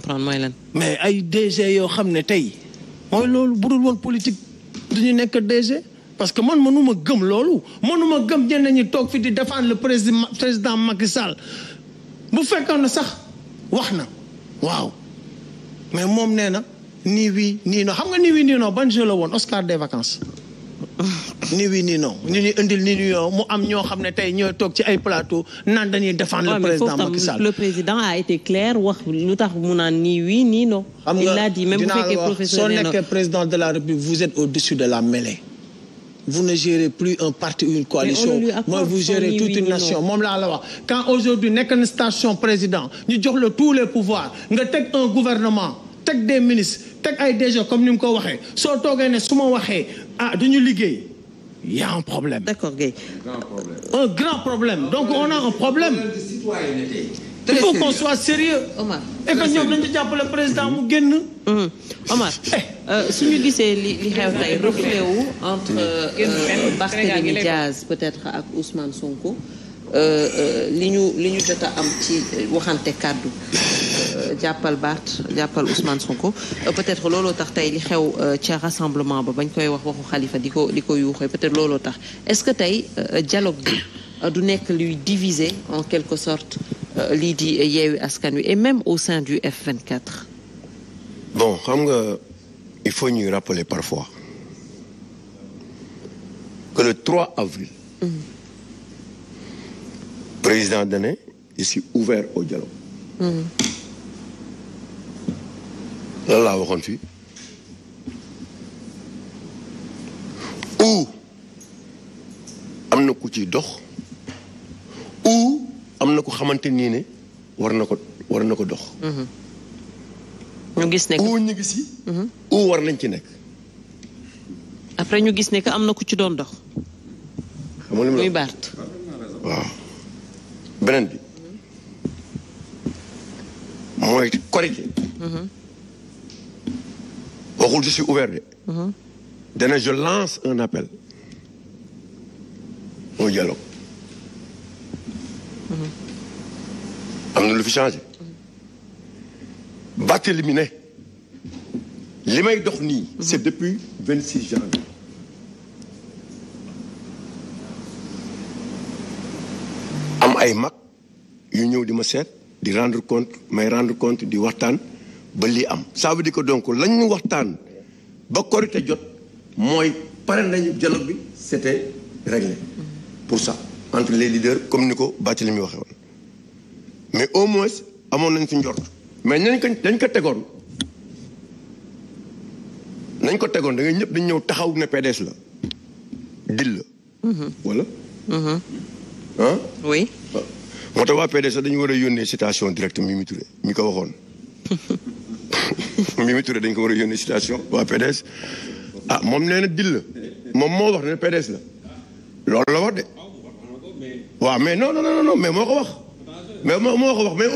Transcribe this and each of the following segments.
comprendre mais ay DG yo xamné ne tey mooy budul won politique duñu nek parce que man ne gëm pas. mënuma gëm ñenn ñi pas fi di défendre le président président Macky Sall bu fekkone sax waxna mais pas néna ni wi ni Si xam nga ni Oscar des vacances ni oui ni non ñu ñuy andil ni ñu mu am ño xamne tay tey tok ci ay plateau nan dañuy défendre le président Macky Sall le président a été clair wax lu tax mu naan ni oui ni non. il l'a dit même vous fekkee professeur nee na président de la République vous êtes au-dessus de la mêlée. vous ne gérez plus un parti ou une coalition moi vous gérez toute une nation moom laa la quand aujourd'hui nekk qu'une station président nous avons le, tous les pouvoirs nous avons un gouvernement des ministres des ay DG comme nous avons ko waxee soo toogee ne ah liguer. Il y a un problème. d'accord gay. un grand problème Un grand problème. donc on a un problème. il faut qu'on soit sérieux. Omar et que déjà pour le président mu génn. Hum. Omar si nous disons li li xew tey reflet wu entre euh, Barthélemy Diaz peut-être avec Ousmane Sonko nous avons un petit Diapal Bat, Diapal Ousmane Sonko euh, peut-être looloo tax tey li xew euh, ca rassemblement ba bañ koy wax waxu xalifa di ko di ko yuuxee peut-être looloo tax est-ce que tey euh, dialogue bi du nekk luy diviser en quelque sorte lii di yeewi askan wi et même au sein du F24. bon xam nga il faut nous rappeler parfois que le 3 avril. le mmh. président donné il s'est ouvert au dialogue. Mmh. lan waxoon fii ou am na ku ciy dox ou am na ko xamante nii ne war na ko war na ko dox. Mm-hmm. ñu gis ne ou ñu gis yi. Mm-hmm. ou war nañ ci nekk. après ñu gis nekk am na ku ci doon dox. xam nga li muy baart. waaw beneen bi. Mm-hmm. mooy korite. je suis ouvert mhm. D'ailleurs, je lance un appel au dialogue. On mhm. le lu changer. changé. Barthélemy éliminer. L'émail Les mhm. c'est depuis 26 janvier. am ay mag yu ñëw di rendre compte mais rendre compte ba lii am ça di ko que donc lañ ñu waxtaan ba korite jot mooy pare nañu dialogue bi c'était réglé pour ça entre les leaders comme ni ko Barthélémy waxee woon mais au moins amoon nañ ci njort mais nañ ko dañ ko tegoon nañ ko tegoon da ñëpp dañ ñëw taxaw ne PDS la dil la wala mhm. mhm. ah oui moo tax waa PDS dañu war a yónnee citation directe Mimi Touré mi ko waxoon Mimi dañ ko wara Je ah dil de mais non non non non mais mais mais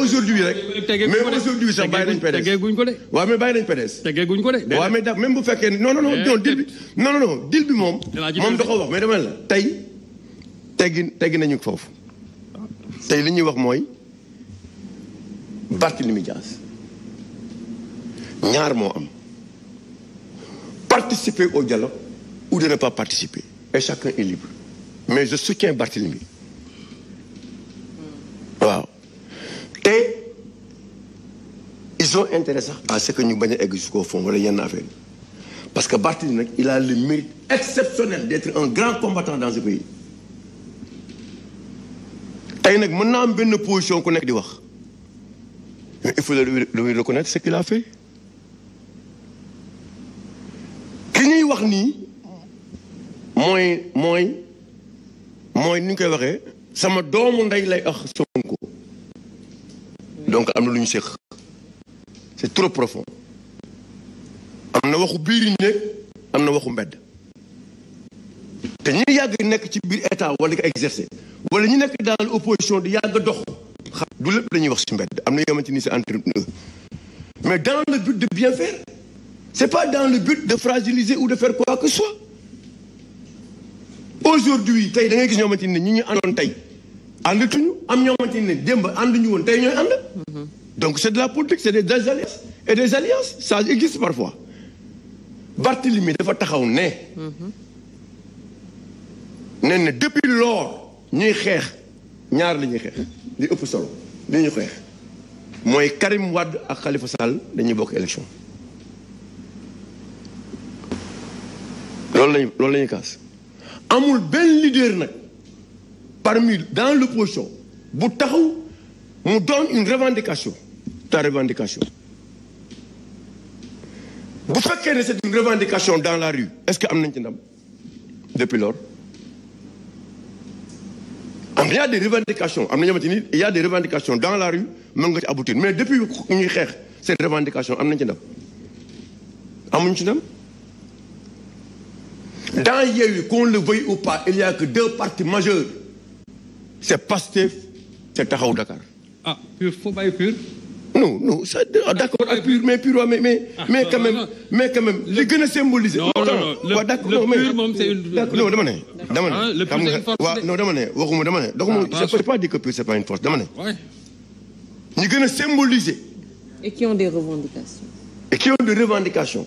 aujourd'hui mais aujourd'hui mais de. mais même non non non dil non non non dil ñaar moo am participer au dialogue ou de ne pas participer et chacun est libre mais je soutiens Barthélemy waouh et ils ont intérêt à ce que ñu bañ egg jusqu'au fond parce que Barthélemy il a le mérite exceptionnel d'être un grand combattant dans ce pays Et il mën naa am benn position ku nekk di wax il faut le lui reconnaître ce qu'il a fait Moi, moi, nous ni ñu koy waxee sama doomu ndey lay ax Sonko donc amna luñu lu c'est trop profond amna waxu biiriñ ne amna waxu mbedd te ñi yàgg nekk ci biir état wala ko exercer wala ñi nekk dans l'opposition di y dox du lepp le wax ci mbedd amna na ci ni c'est entre mais dans le but de bien faire c'est pas dans le but de fragiliser ou de faire quoi que ce soit aujourd'hui tay da ngay gis ñoo xamante ñi ñu àndoon tay àndatuñu am ñoo xamante demb démb ànduñu woon tey ñooy ànd. Mhm. donc c'est de la politique c'est des alliances et des alliances ça existe parfois Barthélemy dafa taxaw ne. Mhm. nee na depuis lors ñuy xeex ñaar la ñuy xeex li ëpp solo li ñu xeex mooy Karim Wade ak Khalifa Sall dañuy bokk élection loolu lañu loolu la ñuy kaas amul ben leader nak parmi dans le bu taxaw mu donne une revendication ta revendication bu fekkee c'est une revendication dans la rue est-ce que am nañ ci depuis lors il y a des revendications am il y a des revendications dans la rue ci mais depuis ñuy xex ces revendication am nañ ci ndam ci dans Yéhu, qu'on le veuille ou pas, il n'y a que deux partis majeurs. C'est Pastef, c'est Tahaou Dakar. Ah, pur, faut pas pur non, non, ça, ah, d'accord, ah, pur, mais pur, mais, mais, ah, mais quand même, mais quand même, les gars symbolisent. Non, non, non, le, ouais, le non, mais, pur, c'est une... Non, demandez, demandez. Hein, ah, le pur, c'est une force. Wa, Non, demandez, demandez, demandez. Donc, ah, je ne peux pas dire que pur, c'est pas une force, demandez. Ouais. Les gars symbolisent. Et qui ont des revendications. Et qui ont des revendications.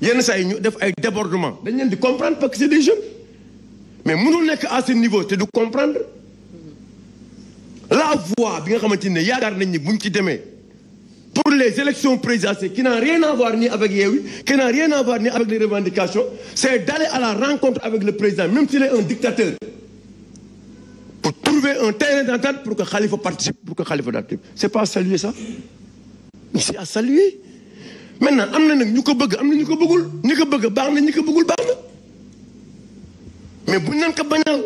yenn y a ñu def ay débordement dañ leen di comprendre parce que c'est des jeunes mais mënul est à ce niveau C'est du comprendre la voie bi nga xamante ne nañ ni ci pour les élections présidentielles qui n'ont rien à voir ni avec qui n'a rien à voir ni avec les revendications c'est d'aller à la rencontre avec le président même s'il est un dictateur pour trouver un terrain d'entente pour que Khalifa participe pour que Khalifa c'est pas à saluer ça mais c'est à saluer maintenant amna nak nag ñu ko bëgg amna na ñu ko bëggul ñi ko bëgg baax na ñi ko bëggul baax mais buñ leen ko bañal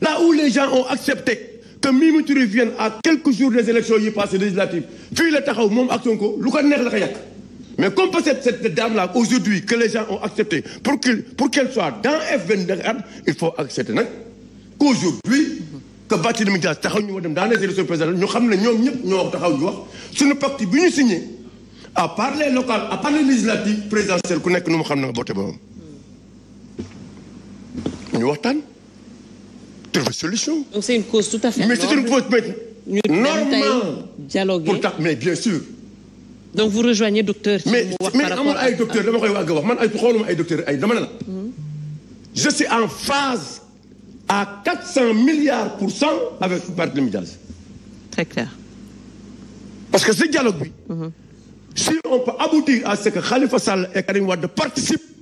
là où les gens ont accepté que Mimi revienne vienne à quelques jours des élections yi passées législatives fii la taxaw moom ak Sonko lu ko neex la ko mais comme peut cette dame là aujourd'hui que les gens ont accepté pour que pour qu'elle soit dans f 22 il faut accepter nak qu'aujourd'hui que Bati Dias taxaw ñu wa dem dans les élections présidentielles ñu xam ne ñoom ñëpp ñoo taxaw ñu wax suñu pacte bi ñu signé à parler local, à parler législatif, législatives présidentielles nous que nous nous xam na trouver solution. donc c'est une cause tout à fait mais c'est une cause mais normale. mais bien sûr. donc vous rejoignez docteur. Mais mais docteur dama docteur hmm. je suis en phase à 400 milliards pour cent avec Parti Dias. très clair. parce que ce dialogue bi. Hmm. Si on peut aboutir à ce que Khalifa Sall et Karim Wade participent